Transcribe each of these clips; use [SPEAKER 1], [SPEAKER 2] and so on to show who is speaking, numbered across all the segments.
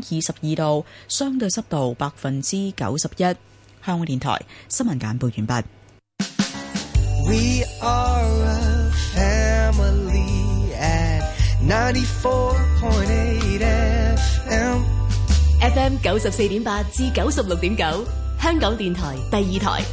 [SPEAKER 1] 二十二度，相對濕度百分之九十一。香港電台新聞簡報完畢。
[SPEAKER 2] FM 九十四點
[SPEAKER 3] 八至九十六點九，香港電台第二台。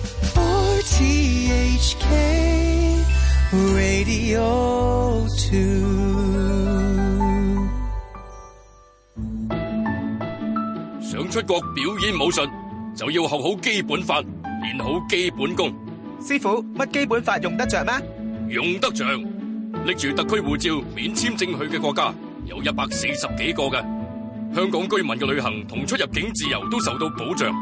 [SPEAKER 4] 出國表演武術，就要學好基本法，練好基本功。師傅，乜基本法用得着咩？用得着。拎住特區護照免簽證去嘅國家有一百四十幾個嘅，香港居民嘅旅行同出入境自由都受到保障。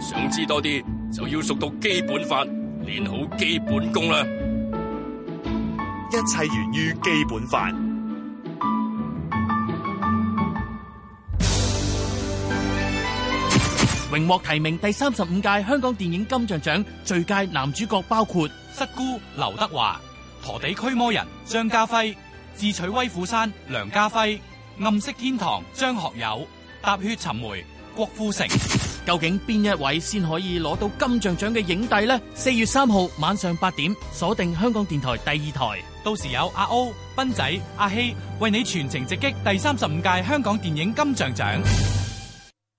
[SPEAKER 4] 想知多啲就要熟讀基本法，練好基本功啦。一切源於基本法。榮獲提名第三十五屆香港電影金像獎最佳男主角包括《失孤》劉德華、《陀地驅魔人》張家輝、《智取威虎山》梁家輝、《暗色天堂》張學友、《踏血尋梅》郭富城。究竟邊一位先可以攞到金像獎嘅影帝呢？四月三號晚上八點，鎖定香港電台第二台，到時有阿歐、斌仔、阿希為你全程直擊第三十五屆香港電影金像獎。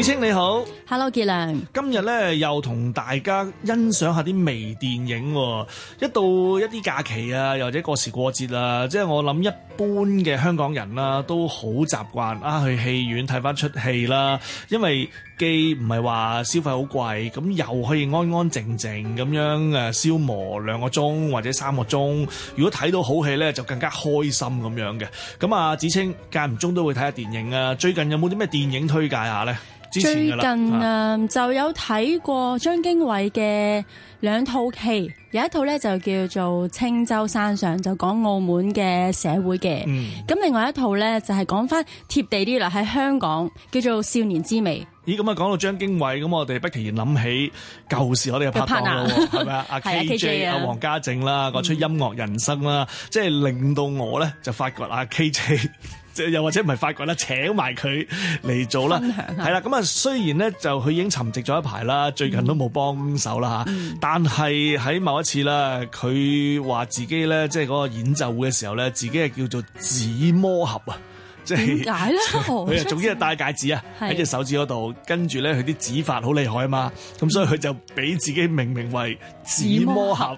[SPEAKER 4] 芷菁你好，Hello 傑良。今日咧又同大家欣賞下啲微電影喎。一到一啲假期啊，又或者過時過節啊，即係我諗一般嘅香港人啦，啊，都好習慣啊去戲院睇翻出戲啦。因為既唔係話消費好貴，咁又可以安安靜靜咁樣誒消磨兩個鐘或者三個鐘。如果睇到好戲咧，就更加開心咁樣嘅。咁啊，芷菁間唔中都會睇下電影啊。最近有冇啲咩電影推介下咧？啊、最
[SPEAKER 3] 近啊，就有睇過張經緯嘅兩套戲，有一套咧就叫做《青州山上》，就講澳門嘅社會嘅。咁、嗯、另外一套咧就係講翻貼地啲啦，喺香港叫做《少年之味》
[SPEAKER 4] 欸。咦，咁啊講到張經緯，咁我哋不期然諗起舊時我哋嘅拍檔啦，係咪啊？阿 K J、 啊、阿黃、啊、家正啦，嗰出音樂人生啦，即係令到我咧就發掘阿 K J。又或者唔係發掘啦，請埋佢嚟做啦，係啦。咁啊，雖然咧就佢已經沉寂咗一排啦，最近都冇幫手啦嚇，嗯、但係喺某一次啦，佢話自己咧即係嗰個演奏會嘅時候咧，自己係叫做指魔俠啊，即係點解咧？佢、就、啊、是，總之係戴戒指啊，喺隻的手指嗰度，跟住咧佢啲指法好厲害啊嘛，咁所以佢就俾自己命名，名為。紙魔盒，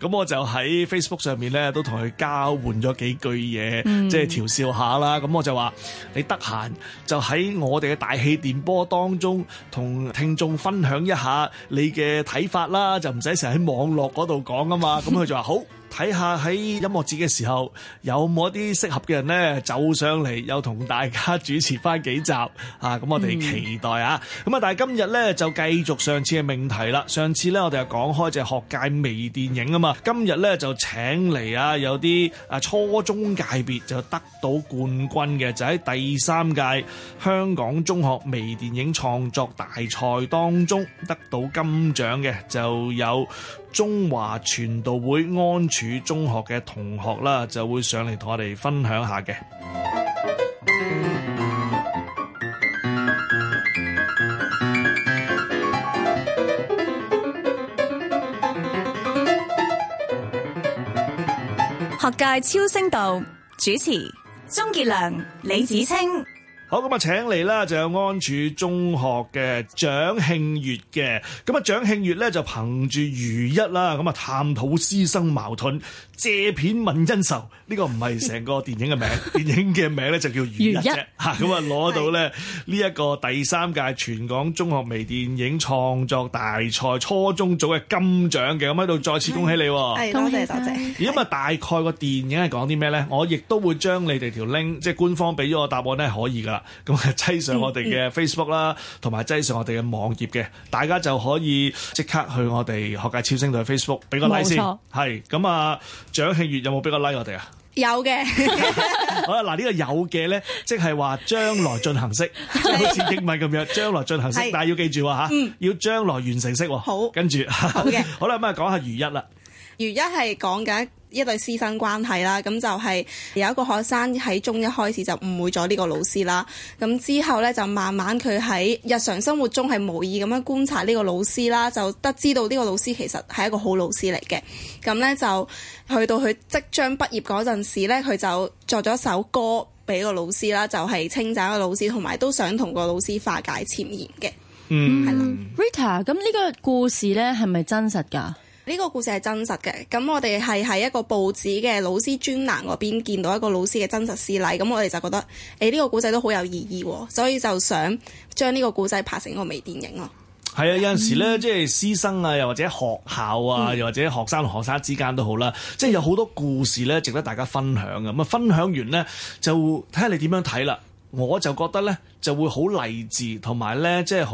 [SPEAKER 4] 咁 我就喺 Facebook 上面咧，都同佢交換咗幾句嘢，嗯、即係調笑下啦。咁我就話你得閒就喺我哋嘅大氣電波當中，同聽眾分享一下你嘅睇法啦，就唔使成日喺網絡度講啊嘛。咁佢就話好，睇下喺音樂節嘅時候有冇一啲適合嘅人咧，走上嚟又同大家主持翻幾集啊。咁我哋期待啊。咁啊、嗯，但係今日咧就繼續上次嘅命題啦。上次咧我哋又講開就。學界微電影啊嘛，今日咧就請嚟啊，有啲啊初中界別就得到冠軍嘅，就喺第三屆香港中學微電影創作大賽當中得到金獎嘅，就有中華傳道會安柱中學嘅同學啦，就會上嚟同我哋分享下嘅。
[SPEAKER 1] 學界超聲道主持鍾傑良、李芷菁，好，咁啊，
[SPEAKER 4] 請嚟啦，就有安柱中學嘅蔣慶悦嘅，咁啊，蔣慶悦咧就憑住如一啦，咁啊，探討師生矛盾。借片泯恩仇，呢個唔係成個電影嘅名，電影嘅名咧就叫《如一》嚇。咁啊攞到咧呢一個第三屆全港中學微電影創作大賽初中組嘅金獎嘅，咁喺度再次恭喜你。係，多謝多謝。而咁啊，大概個電影係講啲咩咧？我亦都會將你哋條 link，即係官方俾咗個答案咧，可以噶啦。咁啊，擠上我哋嘅 Facebook 啦，同埋擠上我哋嘅網頁嘅，大家就可以即刻去我哋學界超星度 Facebook 俾個 like 先。係咁啊！蔣慶悅有冇俾我 like 我哋啊？
[SPEAKER 5] 有嘅，
[SPEAKER 4] 有的笑 好啦，嗱、這、呢個有嘅咧，即係話將來進行式，即係好似英文咁樣，將來進行式，是但係要記住喎吓，啊嗯、要將來完成式，好，跟住著好嘅的， 好啦，咁啊講下如一啦，
[SPEAKER 5] 如一係講緊。一對師生關係啦，咁就係有一個學生喺中一開始就誤會咗呢個老師啦。咁之後呢，就慢慢佢喺日常生活中係無意咁樣觀察呢個老師啦，就得知道呢個老師其實係一個好老師嚟嘅。咁呢，就去到佢即將畢業嗰陣時呢，佢就作咗一首歌俾個老師啦，就係稱讚個老師，同埋都想同個老師化解前嫌嘅。嗯，係啦，Rita，咁呢個故事呢，
[SPEAKER 3] 係咪真實㗎？
[SPEAKER 5] 呢個故事係真實嘅，咁我哋係喺一個報紙嘅老師專欄嗰邊見到一個老師嘅真實事例，咁我哋就覺得誒呢個故仔都好有意義喎，所以就想將呢個故仔拍成一個微電影咯。
[SPEAKER 4] 係啊，有陣時呢，即係師生啊，又或者學校啊，又或者學生同學生之間都好啦，嗯，即係有好多故事呢，值得大家分享嘅。咁啊，分享完呢，就睇下你點樣睇啦。我就覺得咧就會好勵志同埋咧即係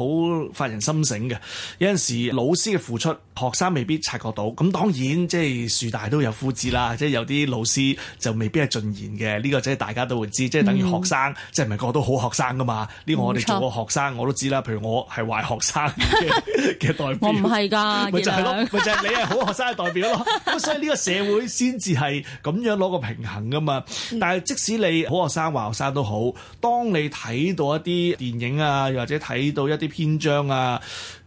[SPEAKER 4] 好發人心醒嘅。有陣時老師嘅付出，學生未必察覺到。咁當然即係、就是、樹大都有枯枝啦，即、就、係、是、有啲老師就未必係盡言嘅。呢、這個即係大家都會知，即、就、係、是、等於學生即係唔係個個都好學生噶嘛？呢、這個我哋做過學生錯我都知啦。譬如我係壞學生嘅 代表，我唔係㗎，
[SPEAKER 3] 咪就係咯，
[SPEAKER 4] 咪多少 就係你係好學生嘅代表咯。咁所以呢個社會先至係咁樣攞個平衡噶嘛。但係即使你好學生壞學生都好，當當你睇到一啲電影啊，又或者睇到一啲篇章啊，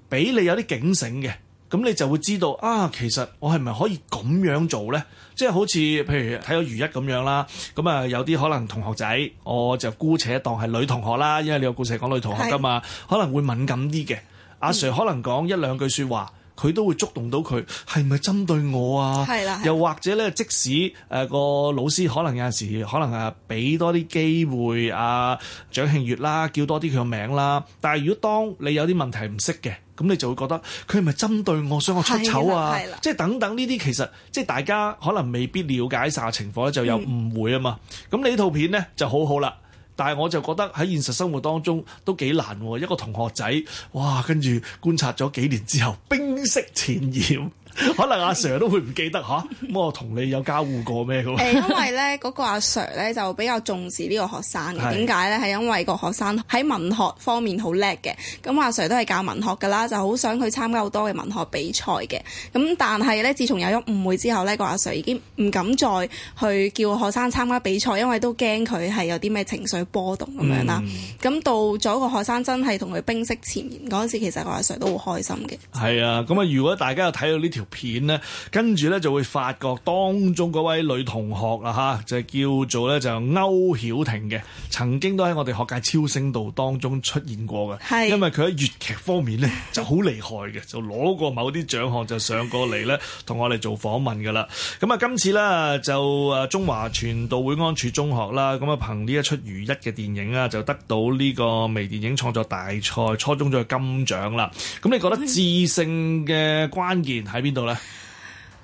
[SPEAKER 4] 俾你有啲警醒嘅，咁你就會知道啊，其實我係咪可以咁樣做呢？即係好似譬如睇到如一咁樣啦，咁啊有啲可能同學仔，我就姑且當係女同學啦，因為你有故事係講女同學噶嘛，是可能會敏感啲嘅。嗯、阿 Sir 可能講一兩句說話。佢都會觸動到佢，係咪針對我啊？係啦。又或者咧，即使誒個老師可能有陣時，可能誒俾多啲機會阿蔣慶悅啦，叫多啲佢嘅名啦。但係如果當你有啲問題唔識嘅，咁你就會覺得佢係咪針對我，想我出醜啊？係啦。即係等等呢啲，其實即係大家可能未必瞭解晒情況，就有誤會啊嘛。咁你呢套片咧就好好啦。但係我就覺得喺現實生活當中都幾難喎。一個同學仔，哇，跟住觀察咗幾年之後，冰釋前嫌。 可能阿 Sir 都會唔記得嚇，咁我同你有交互過咩？ 因
[SPEAKER 5] 為呢嗰、那個阿 Sir 咧就比較重視呢個學生嘅，點解是呢？係因為個學生喺文學方面好叻嘅，咁、那個、阿 Sir 都係教文學㗎啦，就好想去參加好多嘅文學比賽嘅。咁但係呢，自從有咗誤會之後呢、那個阿 Sir 已經唔敢再去叫學生參加比賽，因為都驚佢係有啲咩情緒波動咁樣啦。咁、嗯、到咗個學生真係同佢冰釋前言，嗰陣時，其實個阿 Sir 都好開心嘅。
[SPEAKER 4] 係啊，咁啊，如果大家有睇到呢條。片呢跟住咧就會發覺，當中嗰位女同學啦嚇，就叫做咧就歐曉婷嘅，曾經都喺我哋學界超星度當中出現過嘅，是因為佢喺粵劇方面呢就好厲害嘅，就攞過某啲獎項，就上過嚟咧同我哋做訪問噶啦。咁啊，今次啦就誒中華傳道會安柱中學啦，咁啊憑呢一出如一嘅電影啊，就得到呢個微電影創作大賽初中組金獎啦。咁你覺得致勝嘅關鍵喺邊？到咧，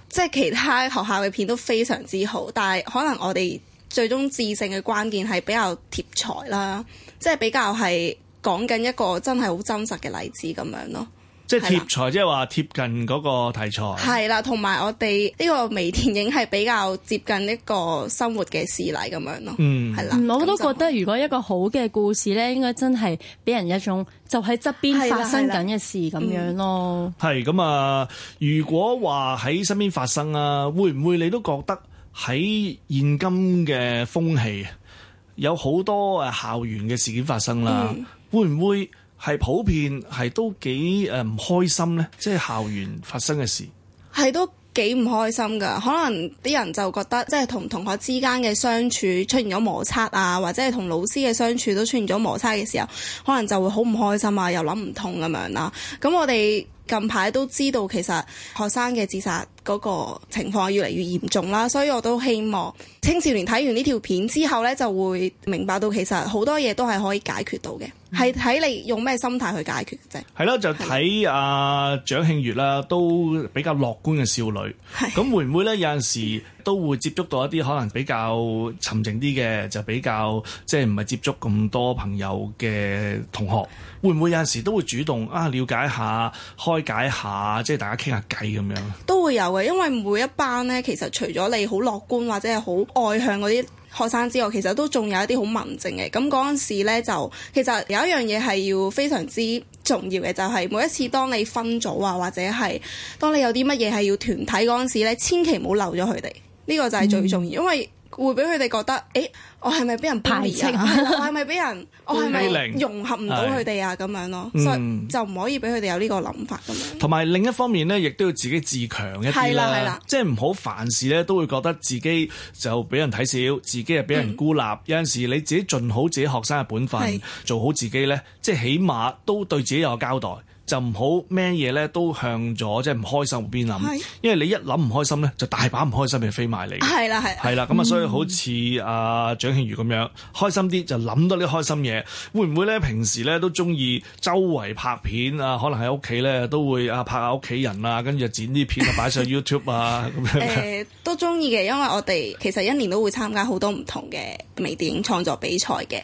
[SPEAKER 5] 即係其他學校嘅片都非常之好，但係可能我哋最終致勝嘅關鍵係比較貼材啦，即係比較係講緊一個真係好真實嘅例子咁樣咯。
[SPEAKER 4] 即係貼材，的即係話貼近嗰個題材。
[SPEAKER 5] 係啦，同埋我哋呢個微電影係比較接近一個生活嘅事例咁樣咯。嗯，係啦的。就我都覺得如果一個好嘅故事咧，應該真
[SPEAKER 3] 係俾人一種就喺側邊發生緊嘅事咁樣咯。
[SPEAKER 4] 係咁啊！如果話喺身邊發生啊，會唔會你都覺得喺現今嘅風氣有好多誒校園嘅事件發生啦？嗯、會唔會？係普遍係都幾誒唔開心呢。即係校園發生嘅事
[SPEAKER 5] 係都幾唔開心噶。可能啲人就覺得，即係同同學之間嘅相處出現咗摩擦啊，或者係同老師嘅相處都出現咗摩擦嘅時候，可能就會好唔開心啊，又諗唔通咁樣啦。咁我哋近排都知道，其實學生嘅自殺嗰個情況越嚟越嚴重啦。所以我都希望青少年睇完呢條片之後呢，就會明白到其實好多嘢都係可以解決到嘅。係睇你用咩心態去解決啫。
[SPEAKER 4] 係咯，就睇阿張慶月啦，都比較樂觀嘅少女。咁的會唔會咧？有陣時都會接觸到一啲可能比較沉靜啲嘅，就比較即係唔係接觸咁多朋友嘅同學。的會唔會有陣時都會主動啊？了解下、開解下，即、就、係、是、大家傾下偈咁樣。
[SPEAKER 5] 都會有嘅，因為每一班咧，其實除咗你好樂觀或者係好外向嗰啲。學生之外，其實都仲有一啲好文靜嘅。咁嗰陣時呢，就其實有一樣嘢係要非常之重要嘅，就係、是、每一次當你分組啊，或者係當你有啲乜嘢係要團體嗰陣時呢，千祈唔好漏咗佢哋。呢、這個就係最重要，嗯、因為。會俾佢哋覺得，誒、欸，我係咪俾人排擠情 我係咪俾人，我係咪融合唔到佢哋啊？咁的樣咯，嗯、所以就唔可以俾佢哋有呢個諗法咁、嗯、樣。
[SPEAKER 4] 同埋另一方面咧，亦都要自己自強一啲啦，即係唔好凡事咧都會覺得自己就俾人睇小，自己係俾人孤立。的有陣時你自己盡好自己學生嘅本分，的做好自己咧，即、就、係、是、起碼都對自己有個交代。就唔好咩嘢咧，都向咗即係唔開心邊諗。是因為你一諗唔開心咧，就大把唔開心嘅飛埋嚟。
[SPEAKER 5] 係啦，係啦，
[SPEAKER 4] 啦的。咁啊、嗯，所以好似阿蔣慶悦咁樣，開心啲就諗多啲開心嘢。會唔會咧？平時咧都中意周圍拍片啊？可能喺屋企咧都會啊拍下屋企人啊，跟住、啊、剪啲片擺 上 YouTube 啊咁樣。誒、呃，
[SPEAKER 5] 都中意嘅，因為我哋其實一年都會參加好多唔同嘅微電影創作比賽嘅。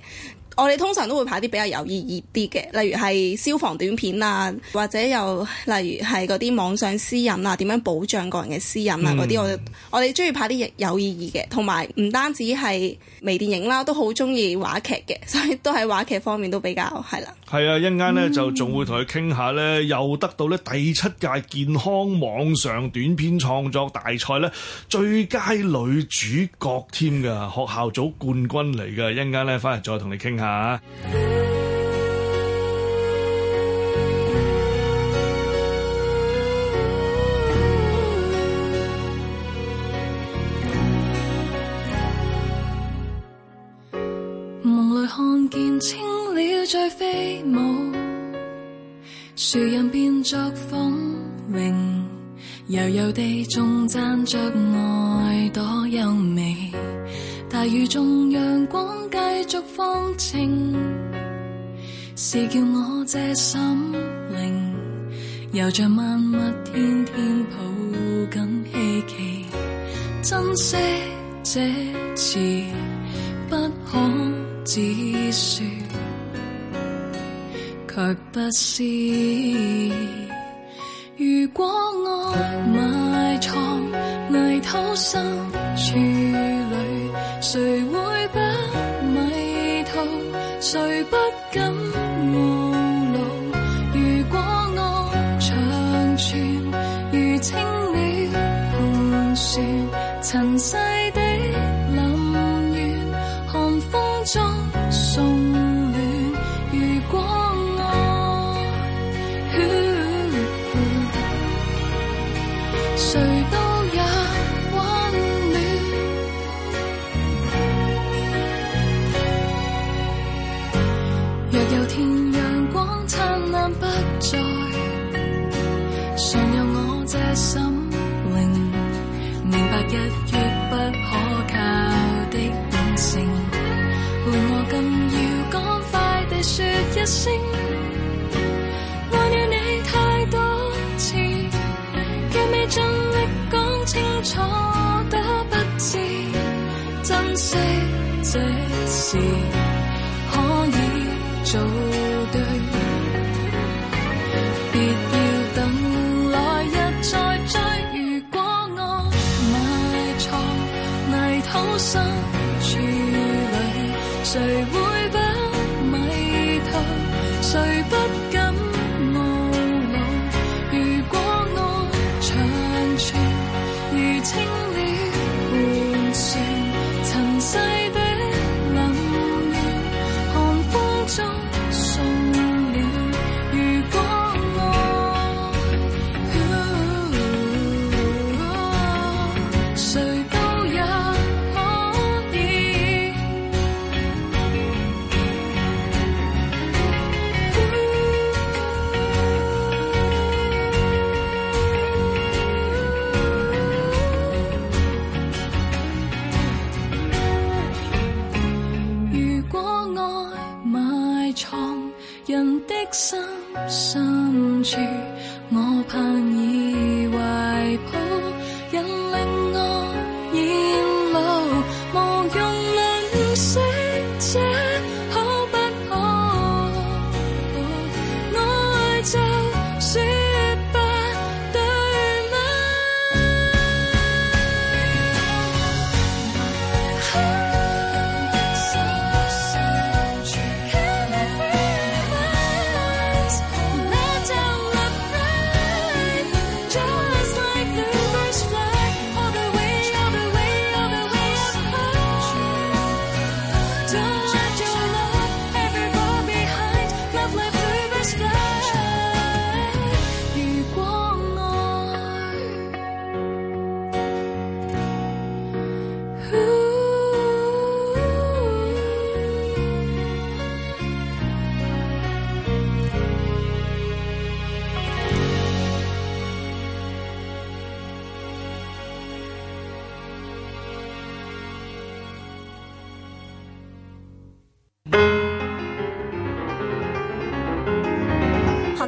[SPEAKER 5] 我哋通常都會拍啲比較有意義啲嘅，例如係消防短片啊，或者又例如係嗰啲網上私隱啊，點樣保障個人嘅私隱啊啲、嗯，我哋我哋中意拍啲有意義嘅，同埋唔單止係微電影啦，都好中意話劇嘅，所以都喺話劇方面都比較係啦。
[SPEAKER 4] 係啊，一陣間咧就仲會同佢傾下咧，又得到咧第七屆健康網上短片創作大賽咧最佳女主角添㗎，學校組冠軍嚟嘅，一陣間咧翻嚟再同你傾下。
[SPEAKER 2] 夢裏看見青鳥在飛舞，樹蔭變作風鈴，悠悠地頌讚着愛多優美。大雨中，陽光繼續放晴，是叫我這心靈，猶着萬物天天抱緊希冀，珍惜這詞不可只說，卻不是，如果我埋藏泥土深處。誰會不迷途？誰不？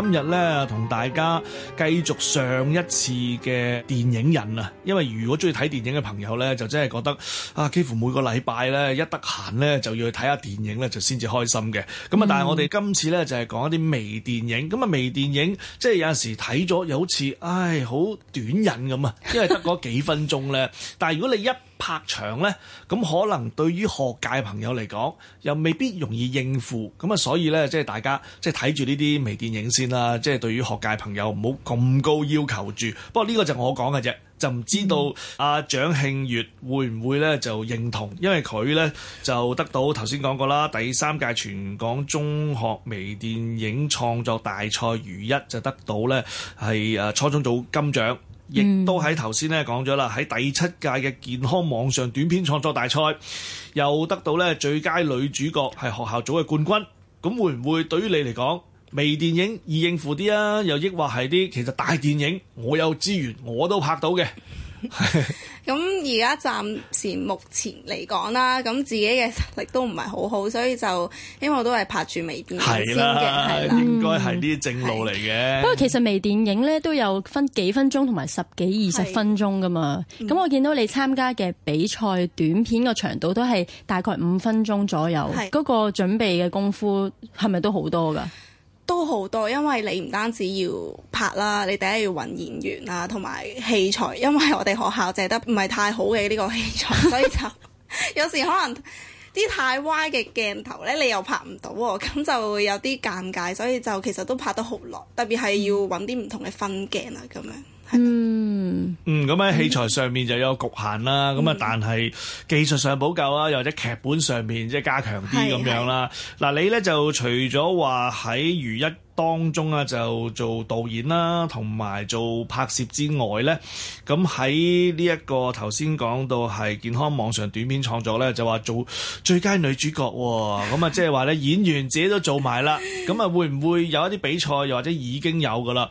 [SPEAKER 4] 今日咧同大家繼續上一次嘅電影人啊，因為如果中意睇電影嘅朋友咧，就真係覺得啊，幾乎每個禮拜咧一得閒咧就要去睇下電影咧，就先至開心嘅。咁啊，但係我哋今次咧就係講一啲微電影。咁啊，微電影即係有陣時睇咗又好似唉好短癮咁啊，因為得嗰幾分鐘咧。 但係如果你一拍場呢，咁可能對於學界朋友嚟講，又未必容易應付，咁啊，所以呢，即係大家即係睇住呢啲微電影先啦。即係對於學界朋友，唔好咁高要求住。不過呢個就我講嘅啫，就唔知道阿蔣慶悦會唔會呢？就認同，因為佢呢，就得到頭先講過啦，第三屆全港中學微電影創作大賽如一就得到呢係誒初中組金獎。亦都喺頭先咧講咗啦，喺第七屆嘅健康網上短片創作大賽，又得到咧最佳女主角係學校組嘅冠軍。咁會唔會對於你嚟講，微電影易應付啲啊？又抑或係啲其實大電影，我有資源我都拍到嘅？
[SPEAKER 5] 咁而家暫時目前嚟講啦，咁自己嘅實力都唔係好好，所以就因為我都係拍住微電影先嘅，
[SPEAKER 4] 應該係啲正路嚟嘅。不過
[SPEAKER 5] 其實微電影呢
[SPEAKER 3] 都有分幾分鐘同埋十幾二十分鐘噶嘛。咁的我見到你參加嘅比賽短片個長度都係大概五分鐘左右，嗰的個準備嘅功夫係咪都好多噶？
[SPEAKER 5] 都好多，因為你唔單止要拍啦，你第一要揾演員啦，同埋器材，因為我哋學校借得唔係太好嘅呢個器材， 所以就有時可能啲太歪嘅鏡頭呢，你又拍唔到喎，咁就會有啲尷尬，所以就其實都拍得好耐，特別係要揾啲唔同嘅分鏡啊咁樣。
[SPEAKER 4] 嗯，嗯，咁喺器材上面就有局限啦，咁啊、嗯，但係技術上補救啊，又或者劇本上面即係加強啲咁樣是是啦。嗱，你呢就除咗話喺如一當中啊，就做導演啦，同埋做拍攝之外呢，咁喺呢一個頭先講到係健康網上短片創作呢，就話做最佳女主角，咁啊，即係話呢，演員自己都做埋啦，咁啊，會唔會有一啲比賽，又或者已經有噶啦？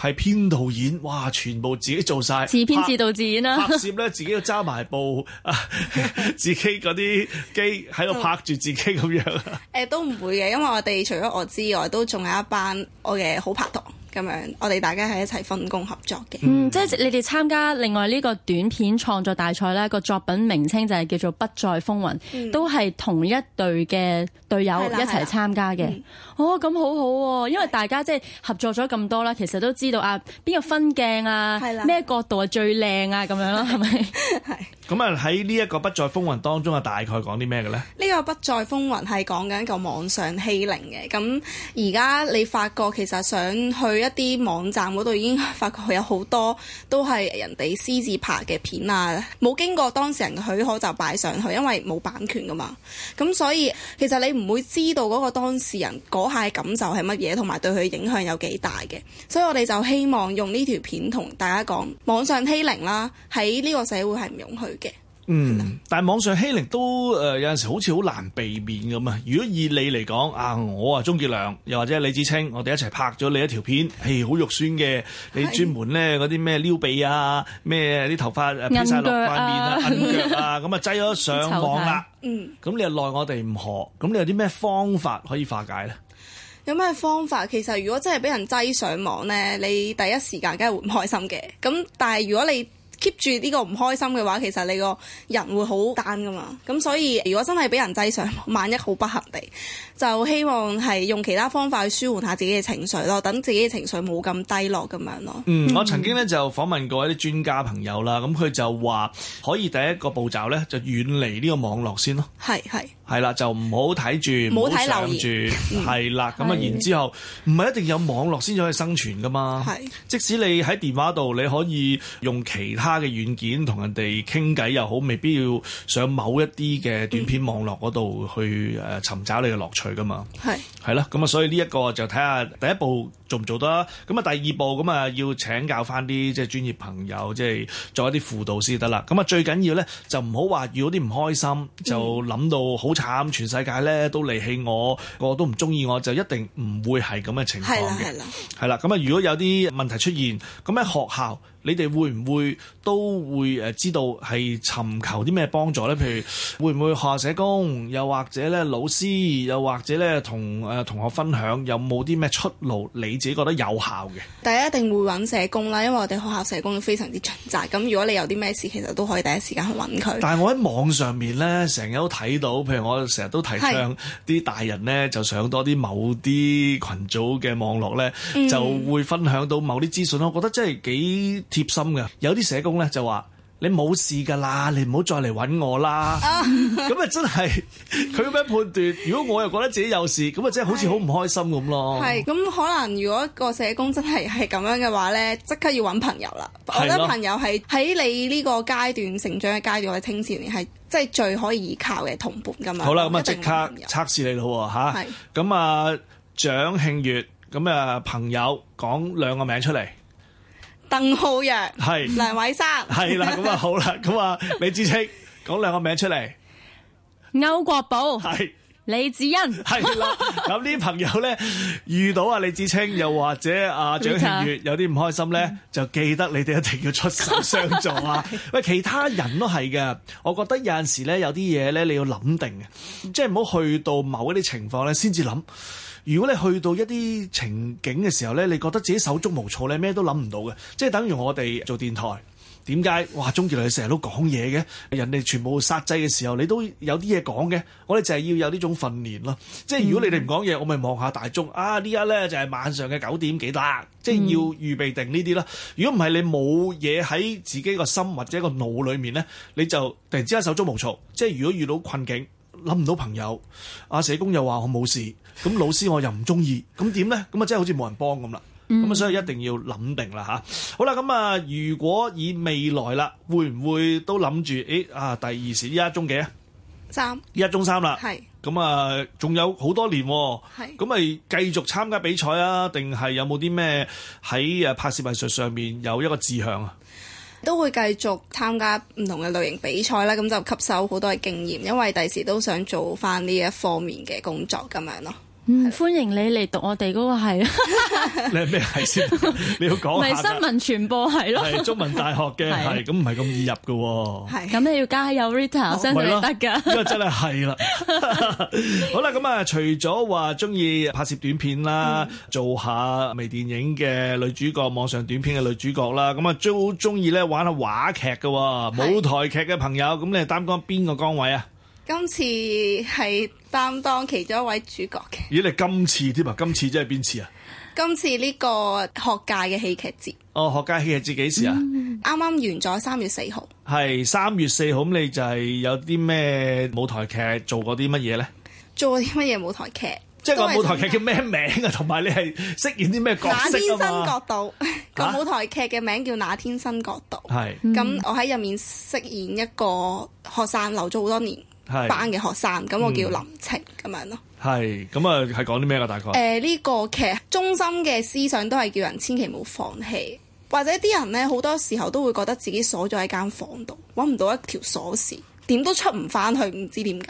[SPEAKER 4] 係編導演，哇！全部自己做晒，自編自導
[SPEAKER 3] 自演啦、啊拍。拍攝
[SPEAKER 4] 咧，自己要揸埋部， 自己嗰啲機喺度拍住自己咁樣。
[SPEAKER 5] 誒，都唔會嘅，因為我哋除咗我之外，都仲有一班我嘅好拍檔。咁樣，我哋大家係一齊分工合作
[SPEAKER 3] 嘅。嗯，嗯，即係你哋參加另外呢個短片創作大賽咧，個作品名稱就係叫做《不再風雲》，嗯、都係同一隊嘅隊友一齊參加嘅。嗯、哦，咁好好、啊，因為大家即係合作咗咁多啦，其實都知道啊，
[SPEAKER 5] 邊個分鏡啊，咩、嗯、角度係最靚啊，咁、嗯、樣咯，係咪？係。
[SPEAKER 4] 咁啊，喺呢一個《不再風雲》當中啊，大概講啲咩嘅咧？
[SPEAKER 5] 呢個《不再風雲》係講緊一個網上欺凌嘅。咁而家你發覺其實想去。一啲網站嗰度已經發覺有好多都係人哋私自拍嘅片啊，冇經過當事人嘅許可就擺上去，因為冇版權㗎嘛。咁所以其實你唔會知道嗰個當事人嗰下感受係乜嘢，同埋對佢影響有幾大嘅。所以我哋就希望用呢條片同大家講，網上欺凌啦，喺呢個社會係唔容許嘅。
[SPEAKER 4] 嗯，但係網上欺凌都誒、呃、有陣時好似好難避免咁啊！如果以你嚟講，啊我啊鍾傑良，又或者李芷菁，我哋一齊拍咗你一條片，係好肉酸嘅，你專門咧嗰啲咩撩鼻啊，咩啲頭髮披曬落塊面啊、銀腳啊，咁啊 擠咗上網啦。 嗯，咁你又奈我哋唔何？咁你有啲咩方法可以化解咧？
[SPEAKER 5] 有咩方法？其實如果真係俾人擠上網咧，你第一時間梗係會唔開心嘅。咁但係如果你 keep 住呢個唔開心嘅話，其實你個人會好單噶嘛。咁所以如果真係俾人擠上，萬一好不幸地，就希望係用其他方法去舒緩下自己嘅情緒咯。等自己嘅情緒冇咁低落咁樣咯。嗯，
[SPEAKER 4] 我曾經咧就訪問過一啲專家朋友啦。咁佢就話可以第一個步驟咧就遠離呢個網絡先咯。係係係啦，就唔好睇住，唔好睇住。留言，係啦。嗯。咁啊，然之後唔係一定有網絡先至可以生存噶嘛。係，即使你喺電話度，你可以用其他。家嘅軟件同人哋傾偈又好，未必要上某一啲嘅短片網絡嗰度去誒尋找你嘅樂趣噶嘛。係係啦，咁啊，所以呢一個就睇下第一步。做唔做得？咁啊，第二步咁啊，要請教翻啲即係專業朋友，即係做一啲輔導先得啦。咁啊，最緊要咧就唔好話遇到啲唔開心，就諗到好慘，全世界咧都離棄我，個個都唔中意我，就一定唔會係咁嘅情況嘅。係啦，係啦。咁啊，如果有啲問題出現，咁喺學校，你哋會唔會都會誒知道係尋求啲咩幫助咧？譬如會唔會學校社工，又或者咧老師，又或者咧同誒同學分享，有冇啲咩出路？你自己覺得有效嘅，
[SPEAKER 5] 但一定會揾社工啦，因為我哋學校社工都非常之盡責。咁如果你有啲咩事，其實都可以第一時間去揾佢。但
[SPEAKER 4] 係我喺網上面咧，成日都睇到，譬如我成日都提倡啲是大人咧，就上多啲某啲群組嘅網絡咧，嗯、就會分享到某啲資訊咯。我覺得真係幾貼心嘅。有啲社工咧就話，你冇事噶啦，你唔好再嚟揾我啦。
[SPEAKER 5] 咁
[SPEAKER 4] 啊， 真係佢咁樣判斷。 如果我又覺得自己有事，咁啊，真係好似好唔開心咁咯。係
[SPEAKER 5] 咁，可能如果個社工真係係咁樣嘅話咧，即刻要揾朋友啦。的我覺得朋友係喺你呢個階段成長嘅階段，青少年係即係最可以依靠嘅同伴噶嘛。樣好啦，咁啊，即刻
[SPEAKER 4] 測試你啦喎嚇。咁的啊，蔣慶悦，咁啊朋友講兩個名出嚟。
[SPEAKER 5] 鄧
[SPEAKER 4] 浩陽係，是梁偉生係啦，咁啊好啦，咁啊李芷菁講兩個名出嚟，
[SPEAKER 3] 歐國寶係，是李子欣係啦。
[SPEAKER 4] 咁啲朋友咧遇到啊李芷菁，又或者阿蔣慶悦有啲唔開心咧，就記得你哋一定要出手相助啊！喂， 其他人都係嘅，我覺得有陣時咧有啲嘢咧你要諗定嘅，即係唔好去到某一啲情況咧先至諗。如果你去到一啲情景嘅時候咧，你覺得自己手足無措你咩都諗唔到嘅，即係等於我哋做電台點解？哇！鍾傑良成日都講嘢嘅，人哋全部殺制嘅時候，你都有啲嘢講嘅。我哋就係要有呢種訓練咯。即係如果你哋唔講嘢，我咪望下大眾啊！呢一咧就係晚上嘅九點幾啦，即係要預備定呢啲啦。如果唔係你冇嘢喺自己個心或者個腦裡面咧，你就突然之間手足無措。即係如果遇到困境。諗唔到朋友，阿社工又話我冇事，咁老師我又唔中意，咁點咧？咁啊，真係好似冇人幫咁啦。咁啊，所以一定要諗定啦吓。好啦，咁啊，如果以未來啦，會唔會都諗住？誒啊，第二時依家中幾啊？
[SPEAKER 5] 三，
[SPEAKER 4] 依家中三啦。係。咁啊，仲有好多年，係。咁咪繼續參加比賽啊？定係有冇啲咩喺誒拍攝藝術上面有一個志向啊？
[SPEAKER 5] 都會繼續參加唔同嘅類型比賽啦，咁就吸收好多嘅經驗，因為第時都想做返呢一方面嘅工作咁樣咯。
[SPEAKER 3] 嗯，歡迎你嚟讀我哋嗰個係。
[SPEAKER 4] 你係咩係先？你要講唔咪 新聞傳播係咯。係 中文大學嘅係，咁唔係咁易入㗎。係的。
[SPEAKER 3] 咁你要加有 Rita 先得㗎。呢
[SPEAKER 4] 個真係係啦。 好啦，咁啊，除咗話中意拍攝短片啦，嗯、做下微電影嘅女主角，網上短片嘅女主角啦，咁啊，最中意咧玩下話劇嘅舞台劇嘅朋友，咁的你係擔當邊個崗位啊？
[SPEAKER 5] 今次係擔當其中一位主角嘅。
[SPEAKER 4] 咦？你今次添啊？今次即係邊次啊？
[SPEAKER 5] 今次呢個學界嘅戲劇節
[SPEAKER 4] 哦，學界戲劇節幾時啊？
[SPEAKER 5] 啱啱完咗，三月四號。
[SPEAKER 4] 係，三月四號。咁你就係有啲咩舞台劇做過啲乜嘢咧？
[SPEAKER 5] 做過啲乜嘢舞台劇？即係個舞台劇
[SPEAKER 4] 叫咩名啊？同埋你係飾演啲咩角色啊？嗱，天生角
[SPEAKER 5] 度。個舞台劇嘅名叫《那天生角度》
[SPEAKER 4] 係咁、
[SPEAKER 5] 啊。我喺入面飾演一個學生，留咗好多年。
[SPEAKER 4] 係班嘅學生，咁我叫林
[SPEAKER 5] 晴咁、嗯、樣咯。
[SPEAKER 4] 係，咁啊係講啲咩噶大概？誒呢、
[SPEAKER 5] 呃呢個劇中心嘅思想都係叫人千祈唔好放棄，或者啲人呢好多時候都會覺得自己鎖咗喺間房度，揾唔到一條鎖匙，點都出唔翻去，唔知點解。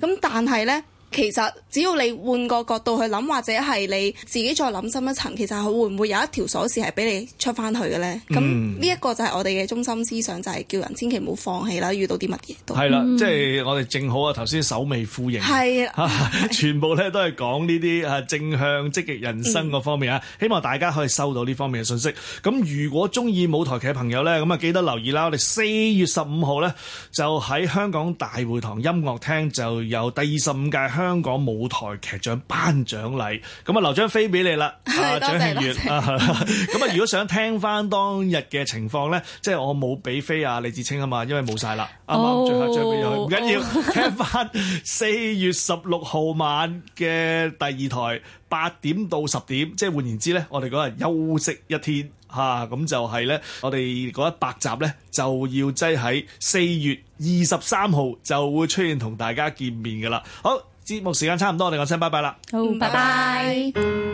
[SPEAKER 5] 咁但係呢。其實只要你換個角度去諗，或者係你自己再諗深一層，其實佢會唔會有一條鎖匙係俾你出翻去嘅咧？咁呢一個就係我哋嘅中心思想，就係叫人千祈唔好放棄啦。遇到啲乜嘢
[SPEAKER 4] 都係啦，即係我哋正好啊頭先首尾呼應，係啊，全部咧都係講呢啲啊正向積極人生嗰方面啊，希望大家可以收到呢方面嘅信息。咁如果中意舞台劇嘅朋友咧，咁啊記得留意啦。我哋四月十五號咧就喺香港大會堂音樂廳就有第二十五屆香香港舞台劇獎頒獎禮，咁是啊，留張飛俾你啦，蔣慶悦。咁啊，謝 如果想聽翻當日嘅情況呢， 即係我冇俾飛啊李芷菁啊嘛，因為冇晒啦，啱啱，哦啊，最後追俾佢，唔緊要。聽翻四月十六號晚嘅第二台八點到十點，即係換言之呢，我哋嗰日休息一天吓，咁，啊，就係呢，我哋嗰一百集呢，就要擠喺四月二十三號就會出現同大家見面噶啦，好。好節目時間差唔多，我哋講聲拜拜啦。好，
[SPEAKER 3] 拜拜。拜拜。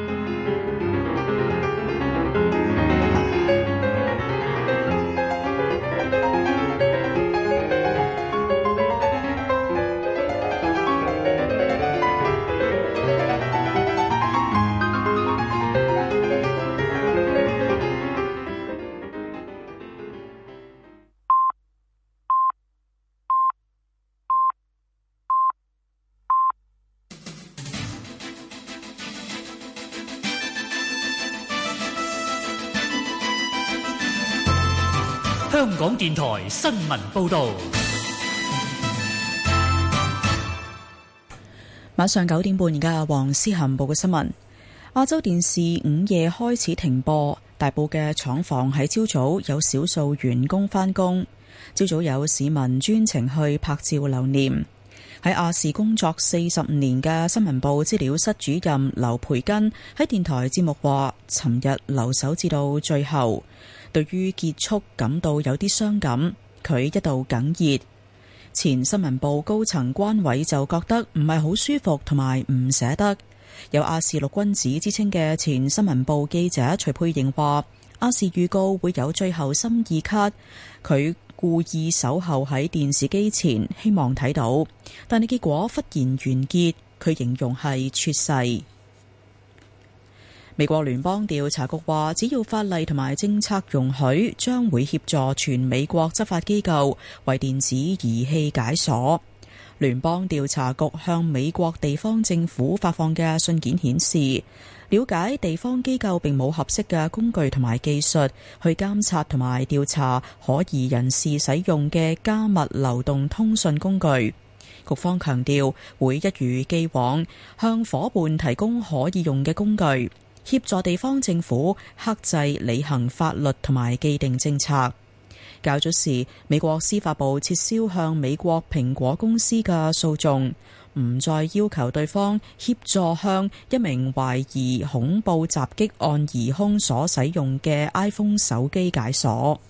[SPEAKER 4] 電台新聞報道。
[SPEAKER 1] 晚上九點半，而家黃思涵報嘅新聞：亞洲電視午夜開始停播，大埔嘅廠房喺朝早有少數員工返工，朝早有市民專程去拍照留念。喺亞視工作四十五年嘅新聞部資料室主任劉培根喺電台節目話，尋日留守至到最後。對於結束感到有啲傷感，佢一度哽咽。前新聞部高層關偉就覺得唔係好舒服同埋唔捨得。有亞視六君子之稱嘅前新聞部記者徐佩瑩話，亞視預告會有最後心意卡，佢故意守候喺電視機前，希望睇到，但係結果忽然完結，佢形容係猝逝。出世美國聯邦調查局話，只要法例同埋政策容許，將會協助全美國執法機構為電子儀器解鎖。聯邦調查局向美國地方政府發放嘅信件顯示，了解地方機構並冇合適嘅工具同埋技術去監察同埋調查可疑人士使用嘅加密流動通訊工具。局方強調，會一如既往向伙伴提供可以用嘅工具。協助地方政府克制履行法律同埋既定政策。較早時，美國司法部撤銷向美國蘋果公司嘅訴訟，唔再要求對方協助向一名懷疑恐怖襲擊案疑兇所使用嘅 iPhone 手機解鎖。